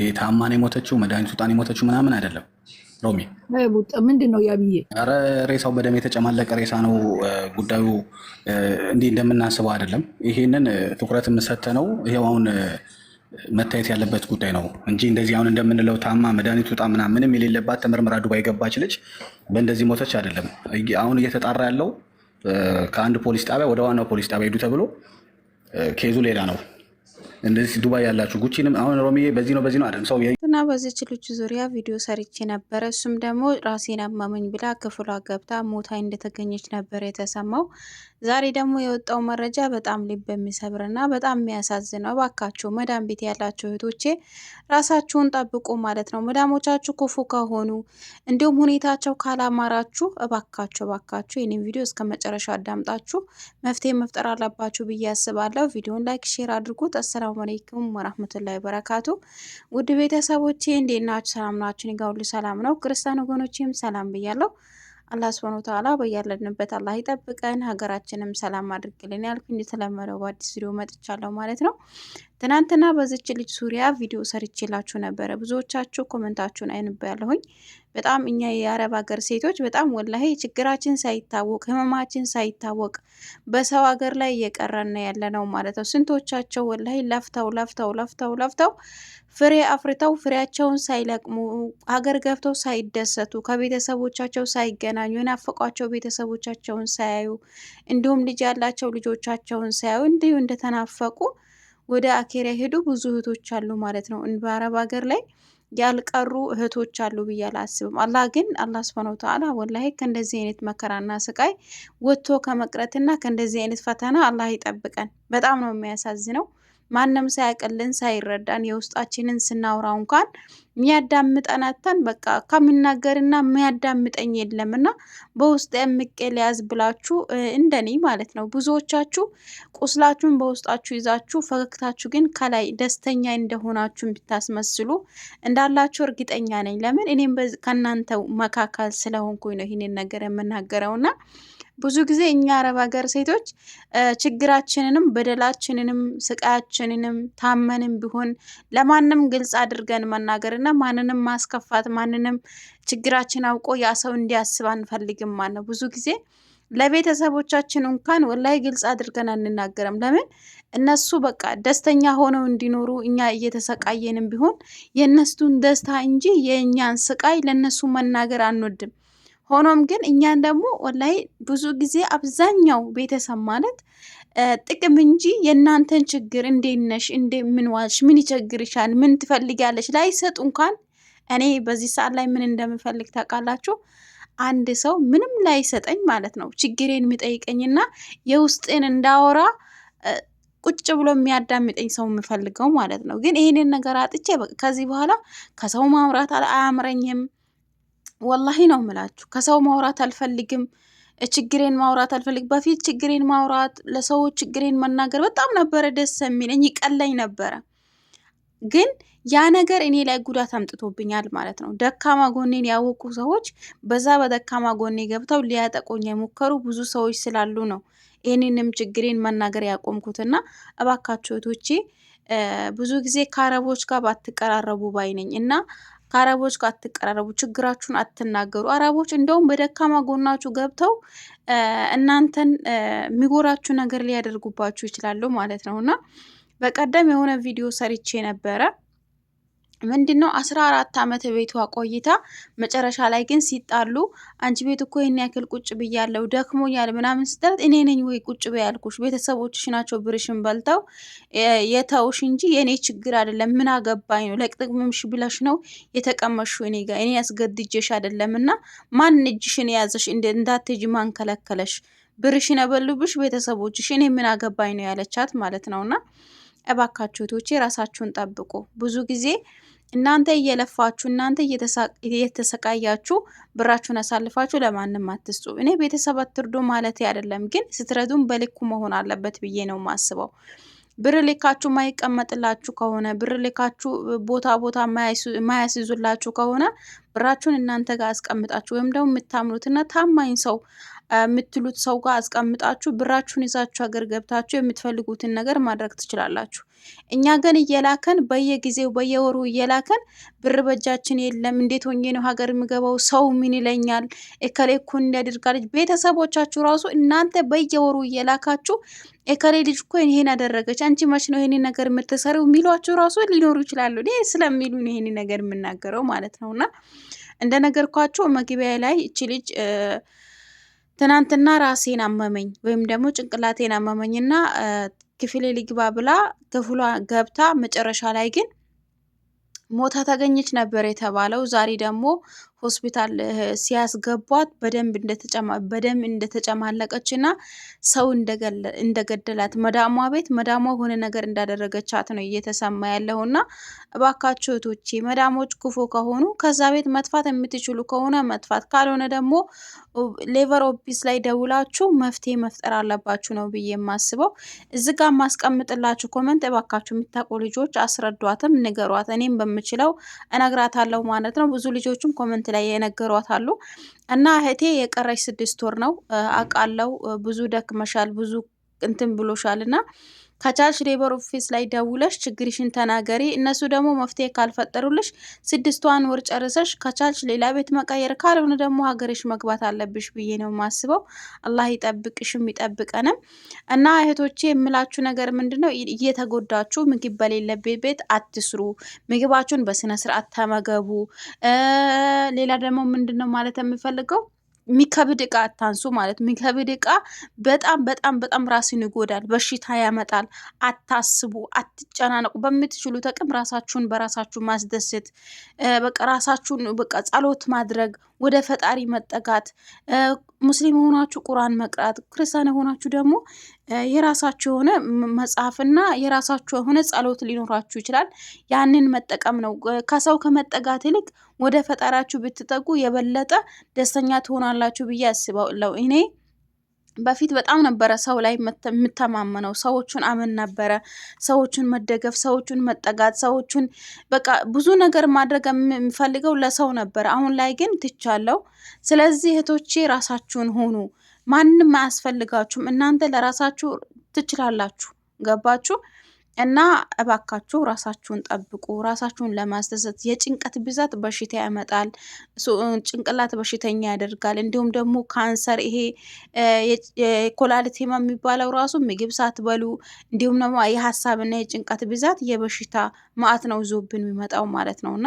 ይሄ ታማን የሞተችው መድኃኒቱ ጣን የሞተችው ምናምን አይደለም። ሮሚ ምንድን ነው ያብዬ? ኧረ ሬሳው በደም የተጨማለቀ ሬሳ ነው። ጉዳዩ እንዲህ እንደምናስበው አይደለም። ይሄንን ትኩረት የምሰተ ነው። ይሄው አሁን መታየት ያለበት ጉዳይ ነው እንጂ እንደዚህ አሁን እንደምንለው ታማ መድኃኒቱ ጣ ምናምንም የሌለባት ተመርምራ ዱባይ የገባች ልጅ በእንደዚህ ሞተች አይደለም። አሁን እየተጣራ ያለው ከአንድ ፖሊስ ጣቢያ ወደ ዋናው ፖሊስ ጣቢያ ሄዱ ተብሎ ኬዙ ሌላ ነው። እንደዚህ ዱባይ ያላችሁ ጉቺንም አሁን ሮሚዬ በዚህ ነው በዚህ ነው አይደል ሰው እና በዚች ልጅ ዙሪያ ቪዲዮ ሰርቼ ነበረ። እሱም ደግሞ ራሴን አማመኝ ብላ ክፍሏ ገብታ ሞታ እንደተገኘች ነበር የተሰማው። ዛሬ ደግሞ የወጣው መረጃ በጣም ልብ የሚሰብር እና በጣም ነው። እባካችሁ መዳም ቤት ያላችሁ እህቶቼ ራሳችሁን ጠብቁ ማለት ነው። መዳሞቻችሁ ክፉ ከሆኑ እንዲሁም ሁኔታቸው ካላማራችሁ እባካችሁ እባካችሁ ይህንን ቪዲዮ እስከ መጨረሻ አዳምጣችሁ መፍትሄ መፍጠር አለባችሁ ብዬ አስባለሁ። ቪዲዮን ላይክ፣ ሼር አድርጉት። አሰላሙ አለይኩም ወራህመቱላሂ ወበረካቱ። ውድ ቤተሰቦቼ እንዴት ናችሁ? ሰላም ናችሁ? እኔ ጋ ሁሉ ሰላም ነው። ክርስቲያን ወገኖቼም ሰላም ብያለሁ። አላህ ስብሐነ ወተዓላ በያለንበት አላህ ይጠብቀን፣ ሀገራችንም ሰላም አድርግልን ያልኩ እንደተለመደው በአዲስ ቪዲዮ መጥቻለሁ ማለት ነው። ትናንትና በዚች ልጅ ዙሪያ ቪዲዮ ሰርቼላችሁ ነበረ። ብዙዎቻችሁ ኮመንታችሁን አይንባ ያለሁኝ በጣም እኛ የአረብ ሀገር ሴቶች በጣም ወላሂ ችግራችን ሳይታወቅ ህመማችን ሳይታወቅ በሰው ሀገር ላይ እየቀረና ያለ ነው ማለት ነው። ስንቶቻቸው ወላሂ ለፍተው ለፍተው ለፍተው ለፍተው ፍሬ አፍርተው ፍሬያቸውን ሳይለቅሙ ሀገር ገብተው ሳይደሰቱ ከቤተሰቦቻቸው ሳይገናኙ የናፈቋቸው ቤተሰቦቻቸውን ሳያዩ እንዲሁም ልጅ ያላቸው ልጆቻቸውን ሳያዩ እንዲሁ እንደተናፈቁ ወደ አኬሪያ ሄዱ ብዙ እህቶች አሉ ማለት ነው በአረብ ሀገር ላይ ያልቀሩ እህቶች አሉ ብዬ አላስብም። አላህ ግን አላህ ስብሐነ ወተዓላ ወላሂ ከእንደዚህ አይነት መከራና ስቃይ ወጥቶ ከመቅረትና ከእንደዚህ አይነት ፈተና አላህ ይጠብቀን። በጣም ነው የሚያሳዝነው። ማንም ሳያቅልን ሳይረዳን የውስጣችንን ስናውራው እንኳን የሚያዳምጠናተን በቃ ከሚናገርና የሚያዳምጠኝ የለም እና በውስጥ የምቄ ሊያዝ ብላችሁ እንደኔ ማለት ነው። ብዙዎቻችሁ ቁስላችሁን በውስጣችሁ ይዛችሁ ፈገግታችሁ ግን ከላይ ደስተኛ እንደሆናችሁ ብታስመስሉ እንዳላችሁ እርግጠኛ ነኝ። ለምን እኔም ከእናንተው መካከል ስለሆንኩኝ ነው ይህንን ነገር የምናገረውና ብዙ ጊዜ እኛ አረብ ሀገር ሴቶች ችግራችንንም በደላችንንም ስቃያችንንም ታመንም ቢሆን ለማንም ግልጽ አድርገን መናገርና ማንንም ማስከፋት ማንንም ችግራችን አውቆ ያ ሰው እንዲያስብ አንፈልግም ማለት ነው። ብዙ ጊዜ ለቤተሰቦቻችን እንኳን ወላይ ግልጽ አድርገን አንናገርም። ለምን እነሱ በቃ ደስተኛ ሆነው እንዲኖሩ እኛ እየተሰቃየንም ቢሆን የእነሱን ደስታ እንጂ የእኛን ስቃይ ለእነሱ መናገር አንወድም። ሆኖም ግን እኛን ደግሞ ወላሂ ብዙ ጊዜ አብዛኛው ቤተሰብ ማለት ጥቅም እንጂ የእናንተን ችግር እንዴት ነሽ፣ እንዴ ምን ዋልሽ፣ ምን ይቸግርሻል፣ ምን ትፈልጊያለሽ ላይ ሰጡ እንኳን እኔ በዚህ ሰዓት ላይ ምን እንደምፈልግ ታውቃላችሁ? አንድ ሰው ምንም ላይሰጠኝ ማለት ነው ችግሬን የሚጠይቀኝና የውስጤን እንዳወራ ቁጭ ብሎ የሚያዳምጠኝ ሰው የምፈልገው ማለት ነው። ግን ይሄንን ነገር አጥቼ ከዚህ በኋላ ከሰው ማምራት አያምረኝም ወላሂ ነው የምላችሁ። ከሰው ማውራት አልፈልግም፣ ችግሬን ማውራት አልፈልግም። በፊት ችግሬን ማውራት ለሰው ችግሬን መናገር በጣም ነበረ ደስ የሚለኝ ይቀለኝ ነበረ። ግን ያ ነገር እኔ ላይ ጉዳት አምጥቶብኛል ማለት ነው። ደካማ ጎኔን ያወቁ ሰዎች በዛ በደካማ ጎኔ ገብተው ሊያጠቁኝ የሞከሩ ብዙ ሰዎች ስላሉ ነው ይህንንም ችግሬን መናገር ያቆምኩትና እባካችሁ እህቶቼ ብዙ ጊዜ ከአረቦች ጋር ባትቀራረቡ ባይ ነኝ እና ከአረቦች ጋር አትቀራረቡ፣ ችግራችሁን አትናገሩ። አረቦች እንደውም በደካማ ጎናችሁ ገብተው እናንተን የሚጎራችሁ ነገር ሊያደርጉባችሁ ይችላሉ ማለት ነው እና በቀደም የሆነ ቪዲዮ ሰርቼ ነበረ ምንድን ነው አስራ አራት ዓመት ቤቷ ቆይታ መጨረሻ ላይ ግን ሲጣሉ አንቺ ቤት እኮ ይህን ያክል ቁጭ ብያለሁ ደክሞኛል ምናምን ስትላት እኔ ነኝ ወይ ቁጭ ብያልኩሽ? ቤተሰቦችሽ ናቸው ብርሽን በልተው የተውሽ እንጂ የእኔ ችግር አይደለም። ምን አገባኝ ነው ለጥቅምሽ ብለሽ ነው የተቀመሹ እኔ ጋር እኔ ያስገድጄሽ አይደለም። እና ማን እጅሽን የያዘሽ እንዳትሄጂ ማን ከለከለሽ? ብርሽን የበሉብሽ ቤተሰቦችሽ፣ እኔ ምን አገባኝ ነው ያለቻት ማለት ነውና እባካችሁ ቶቼ ራሳችሁን ጠብቁ ብዙ ጊዜ እናንተ እየለፋችሁ እናንተ እየተሰቃያችሁ ብራችሁን አሳልፋችሁ ለማንም አትስጡ። እኔ ቤተሰብ አትርዱ ማለት አይደለም፣ ግን ስትረዱን በልኩ መሆን አለበት ብዬ ነው ማስበው ብር ልካችሁ ማይቀመጥላችሁ ከሆነ ብር ልካችሁ ቦታ ቦታ ማያስይዙላችሁ ከሆነ ብራችሁን እናንተ ጋር አስቀምጣችሁ ወይም ደግሞ የምታምኑት እና ታማኝ ሰው የምትሉት ሰው ጋር አስቀምጣችሁ ብራችሁን ይዛችሁ ሀገር ገብታችሁ የምትፈልጉትን ነገር ማድረግ ትችላላችሁ። እኛ ግን እየላከን በየጊዜው በየወሩ እየላከን ብር በእጃችን የለም። እንዴት ሆኜ ነው ሀገር የምገባው? ሰው ምን ይለኛል? እከሌ እኮ እንዲያደርጋለች። ቤተሰቦቻችሁ ራሱ እናንተ በየወሩ እየላካችሁ እከሌ ልጅ እኮ ይሄን አደረገች፣ አንቺ መች ነው ይሄን ነገር የምትሰሪው? የሚሏችሁ ራሱ ሊኖሩ ይችላሉ። ስለሚሉን ይሄን ነገር የምናገረው ማለት ነውና እንደነገርኳችሁ መግቢያ ላይ እቺ ልጅ ትናንትና ራሴን አመመኝ ወይም ደግሞ ጭንቅላቴን እና ክፍሌ ልግባ ብላ ክፍሏ ገብታ መጨረሻ ላይ ግን ሞታ ተገኘች ነበር የተባለው። ዛሬ ደግሞ ሆስፒታል ሲያስገቧት በደንብ በደም እንደተጨማለቀች እና ሰው እንደገደላት መዳሟ ቤት መዳሟ ሆነ ነገር እንዳደረገቻት ነው እየተሰማ ያለው እና እባካችሁ እህቶቼ መዳሞች ክፉ ከሆኑ ከዛ ቤት መጥፋት የምትችሉ ከሆነ መጥፋት፣ ካልሆነ ደግሞ ሌቨር ኦፊስ ላይ ደውላችሁ መፍትሄ መፍጠር አለባችሁ ነው ብዬ የማስበው። እዚ ጋር ማስቀምጥላችሁ ኮመንት እባካችሁ የምታውቁ ልጆች አስረዷትም ንገሯት፣ እኔም በምችለው እነግራታለሁ ማለት ነው። ብዙ ልጆችም ኮመንት ኮሜንት ላይ የነገሯት አሉ እና እህቴ የቀረች ስድስት ወር ነው አውቃለሁ፣ ብዙ ደክመሻል፣ ብዙ እንትን ብሎሻል እና ከቻልሽ ሌበር ኦፊስ ላይ ደውለሽ ችግርሽን ተናገሪ። እነሱ ደግሞ መፍትሄ ካልፈጠሩልሽ ስድስቷን ወር ጨርሰሽ ከቻልሽ ሌላ ቤት መቀየር፣ ካልሆነ ደግሞ ሀገርሽ መግባት አለብሽ ብዬ ነው ማስበው አላህ ይጠብቅሽም ይጠብቀንም። እና እህቶቼ የምላችሁ ነገር ምንድን ነው፣ እየተጎዳችሁ ምግብ በሌለበት ቤት አትስሩ። ምግባችሁን በስነ ስርዓት ተመገቡ። ሌላ ደግሞ ምንድን ነው ማለት የምፈልገው የሚከብድ እቃ አታንሱ ማለት የሚከብድ እቃ በጣም በጣም በጣም ራስን ይጎዳል፣ በሽታ ያመጣል። አታስቡ፣ አትጨናነቁ። በምትችሉ ተቅም ራሳችሁን በራሳችሁ ማስደሰት፣ በቃ ራሳችሁን በቃ ጸሎት ማድረግ፣ ወደ ፈጣሪ መጠጋት፣ ሙስሊም የሆናችሁ ቁርአን መቅራት፣ ክርስቲያን የሆናችሁ ደግሞ የራሳችሁ የሆነ መጽሐፍና የራሳችሁ የሆነ ጸሎት ሊኖራችሁ ይችላል። ያንን መጠቀም ነው። ከሰው ከመጠጋት ይልቅ ወደ ፈጣሪያችሁ ብትጠጉ የበለጠ ደስተኛ ትሆናላችሁ ብዬ አስባለሁ እኔ በፊት በጣም ነበረ ሰው ላይ የምተማመነው። ሰዎቹን አምን ነበረ፣ ሰዎቹን መደገፍ፣ ሰዎቹን መጠጋት፣ ሰዎቹን በቃ ብዙ ነገር ማድረግ የምፈልገው ለሰው ነበረ። አሁን ላይ ግን ትቻለው። ስለዚህ እህቶቼ ራሳችሁን ሆኑ፣ ማንም አያስፈልጋችሁም። እናንተ ለራሳችሁ ትችላላችሁ። ገባችሁ? እና እባካችሁ ራሳችሁን ጠብቁ። ራሳችሁን ለማስደሰት የጭንቀት ብዛት በሽታ ያመጣል፣ ጭንቅላት በሽተኛ ያደርጋል። እንዲሁም ደግሞ ካንሰር፣ ይሄ የኮላሊት ህመም የሚባለው ራሱ ምግብ ሳትበሉ እንዲሁም ደግሞ የሀሳብና የጭንቀት ብዛት የበሽታ ማዕት ነው ዞብን የሚመጣው ማለት ነው እና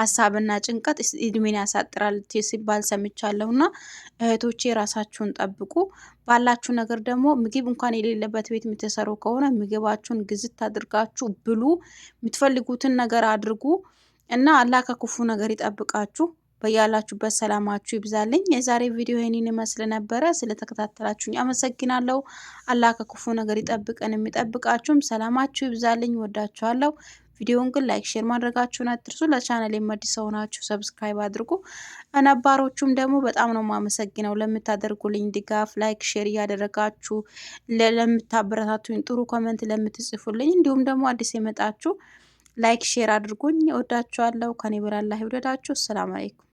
ሀሳብና ጭንቀት እድሜን ያሳጥራል ሲባል ሰምቻለሁ። እና እህቶቼ ራሳችሁን ጠብቁ። ባላችሁ ነገር ደግሞ ምግብ እንኳን የሌለበት ቤት የምትሰሩ ከሆነ ምግባችሁን ግዝት አድርጋችሁ ብሉ። የምትፈልጉትን ነገር አድርጉ እና አላህ ከክፉ ነገር ይጠብቃችሁ። በያላችሁበት ሰላማችሁ ይብዛልኝ። የዛሬ ቪዲዮ ይህንን ይመስል ነበረ። ስለተከታተላችሁኝ አመሰግናለሁ። አላህ ከክፉ ነገር ይጠብቀን፣ የሚጠብቃችሁም ሰላማችሁ ይብዛልኝ። ወዳችኋለሁ። ቪዲዮውን ግን ላይክ፣ ሼር ማድረጋችሁን አትርሱ። ለቻናል የመዲስ ሆናችሁ ሰብስክራይብ አድርጉ። ነባሮቹም ደግሞ በጣም ነው ማመሰግነው ለምታደርጉልኝ ድጋፍ፣ ላይክ፣ ሼር እያደረጋችሁ ለምታበረታቱኝ፣ ጥሩ ኮመንት ለምትጽፉልኝ፣ እንዲሁም ደግሞ አዲስ የመጣችሁ ላይክ ሼር አድርጉኝ። እወዳችኋለሁ። ከኔ በላላ ይውደዳችሁ። ሰላም አለይኩም